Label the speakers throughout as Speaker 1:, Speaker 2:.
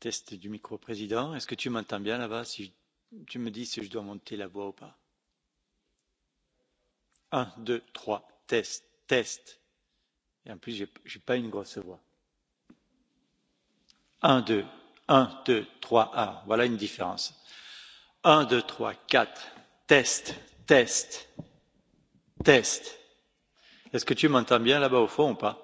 Speaker 1: test du micro président est ce que tu m'entends bien là bas si tu me dis si je dois monter la voix ou pas? un deux trois test test et en plus je n'ai pas une grosse voix. 1, 2, 1, 2, 3, ah voilà une différence. 1, 2, 3, 4, test test test est ce que tu m'entends bien là bas au fond ou pas?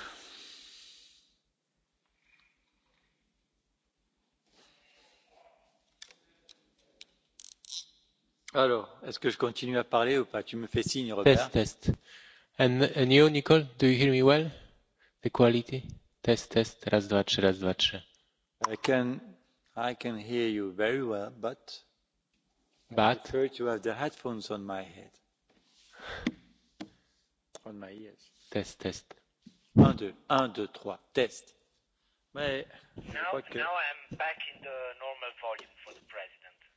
Speaker 1: test test and, and you nicole do you hear me well the quality test test raz dwa trzy raz dwa trzy i can i can hear you very well but but I prefer to have the headphones on my head on my ears test test un deux un deux trois test mais now, que... now I'm back in the normal volume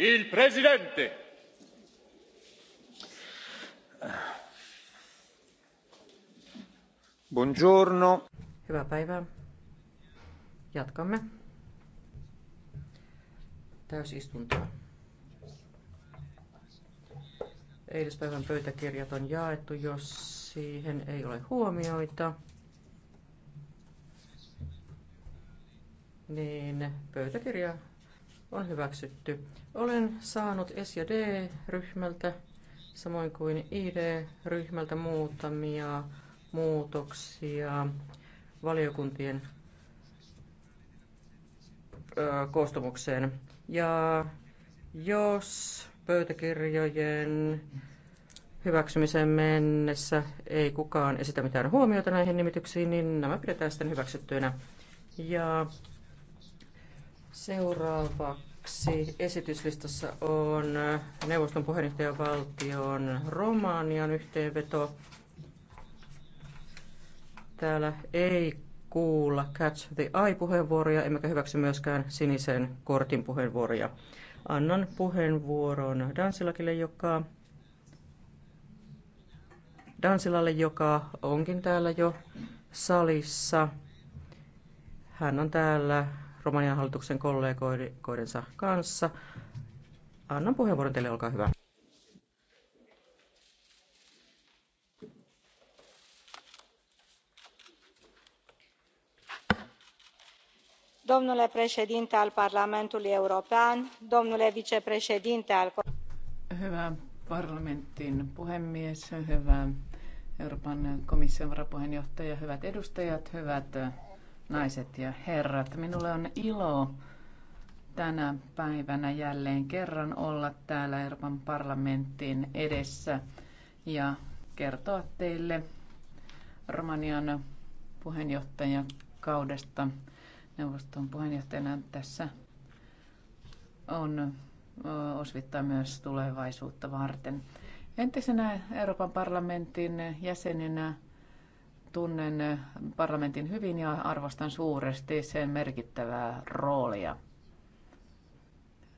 Speaker 1: il presidente
Speaker 2: Hyvää päivää. Jatkamme täysistuntoa. Eilispäivän pöytäkirjat on jaettu, jos siihen ei ole huomioita. Niin pöytäkirja on hyväksytty. Olen saanut S- ja D-ryhmältä, samoin kuin ID-ryhmältä muutamia muutoksia valiokuntien koostumukseen. Ja jos pöytäkirjojen hyväksymiseen mennessä ei kukaan esitä mitään huomiota näihin nimityksiin, niin nämä pidetään sitten hyväksyttyinä. Ja Seuraavaksi esityslistassa on neuvoston puheenjohtajavaltion Romanian yhteenveto. Täällä ei kuulla Catch the Eye-puheenvuoroja, emmekä hyväksy myöskään sinisen kortin puheenvuoroja. Annan puheenvuoron Dansilakille, joka Dansilalle, joka onkin täällä jo salissa. Hän on täällä Romanian hallituksen kollegoidensa kanssa. Annan puheenvuoron teille, olkaa hyvä. domnule președinte al parlamentului european domnule vicepreședinte al
Speaker 3: hyvä parlamentin puhemies hyvä euroopan komission varapuheenjohtaja hyvät edustajat hyvät naiset ja herrat. Minulle on ilo tänä päivänä jälleen kerran olla täällä Euroopan parlamentin edessä ja kertoa teille Romanian puheenjohtajakaudesta neuvoston puheenjohtajana tässä on osvittaa myös tulevaisuutta varten. Entisenä Euroopan parlamentin jäsenenä Tunnen parlamentin hyvin ja arvostan suuresti sen merkittävää roolia.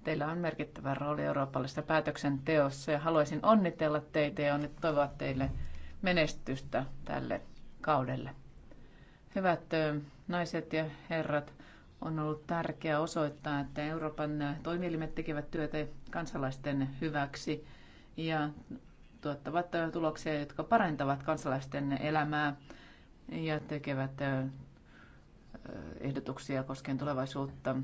Speaker 3: Teillä on merkittävä rooli eurooppalaisessa päätöksenteossa ja haluaisin onnitella teitä ja toivoa teille menestystä tälle kaudelle. Hyvät naiset ja herrat, on ollut tärkeää osoittaa, että Euroopan toimielimet tekevät työtä kansalaisten hyväksi ja tuottavat tuloksia, jotka parantavat kansalaisten elämää ja tekevät ehdotuksia koskien tulevaisuutta.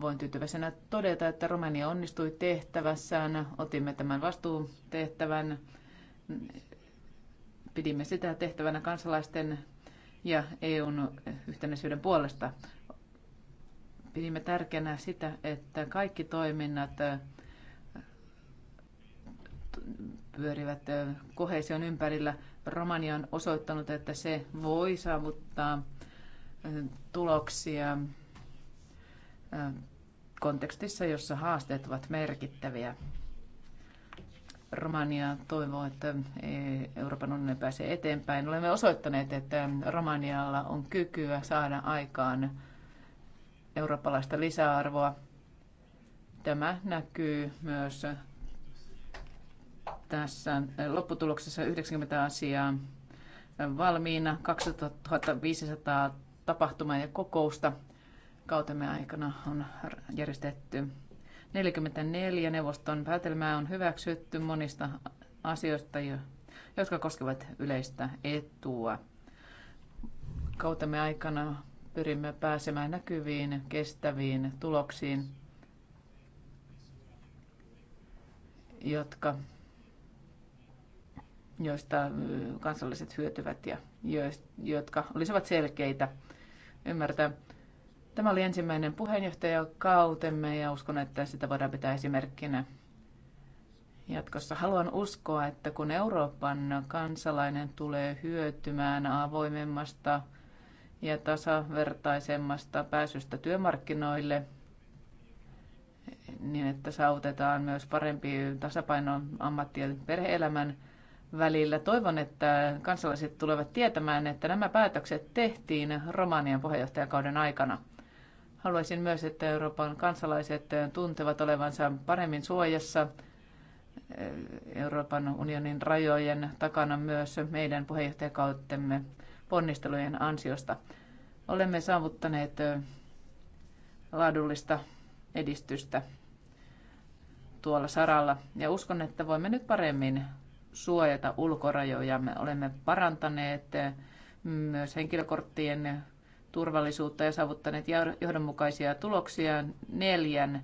Speaker 3: Voin tyytyväisenä todeta, että Romania onnistui tehtävässään. Otimme tämän vastuutehtävän. Pidimme sitä tehtävänä kansalaisten ja EUn yhtenäisyyden puolesta. Pidimme tärkeänä sitä, että kaikki toiminnat pyörivät kohesion ympärillä – Romania on osoittanut, että se voi saavuttaa tuloksia kontekstissa, jossa haasteet ovat merkittäviä. Romania toivoo, että e, Euroopan unioni pääsee eteenpäin. Olemme osoittaneet, että Romanialla on kykyä saada aikaan eurooppalaista lisäarvoa. Tämä näkyy myös tässä äh, lopputuloksessa 90 asiaa valmiina, 2500 tapahtumaa ja kokousta kautemme aikana on järjestetty. 44 neuvoston päätelmää on hyväksytty monista asioista, jotka koskevat yleistä etua. Kautemme aikana pyrimme pääsemään näkyviin, kestäviin tuloksiin, jotka joista kansalaiset hyötyvät ja jotka olisivat selkeitä ymmärtää. Tämä oli ensimmäinen puheenjohtajakautemme ja uskon, että sitä voidaan pitää esimerkkinä jatkossa. Haluan uskoa, että kun Euroopan kansalainen tulee hyötymään avoimemmasta ja tasavertaisemmasta pääsystä työmarkkinoille, niin että saavutetaan myös parempi tasapaino ammatti- ja perheelämän välillä. Toivon, että kansalaiset tulevat tietämään, että nämä päätökset tehtiin Romanian puheenjohtajakauden aikana. Haluaisin myös, että Euroopan kansalaiset tuntevat olevansa paremmin suojassa eh, Euroopan unionin rajojen takana myös meidän puheenjohtajakautemme ponnistelujen ansiosta. Olemme saavuttaneet eh, laadullista edistystä tuolla saralla ja uskon, että voimme nyt paremmin suojata Me Olemme parantaneet eh, myös henkilökorttien turvallisuutta ja saavuttaneet johdonmukaisia tuloksia neljän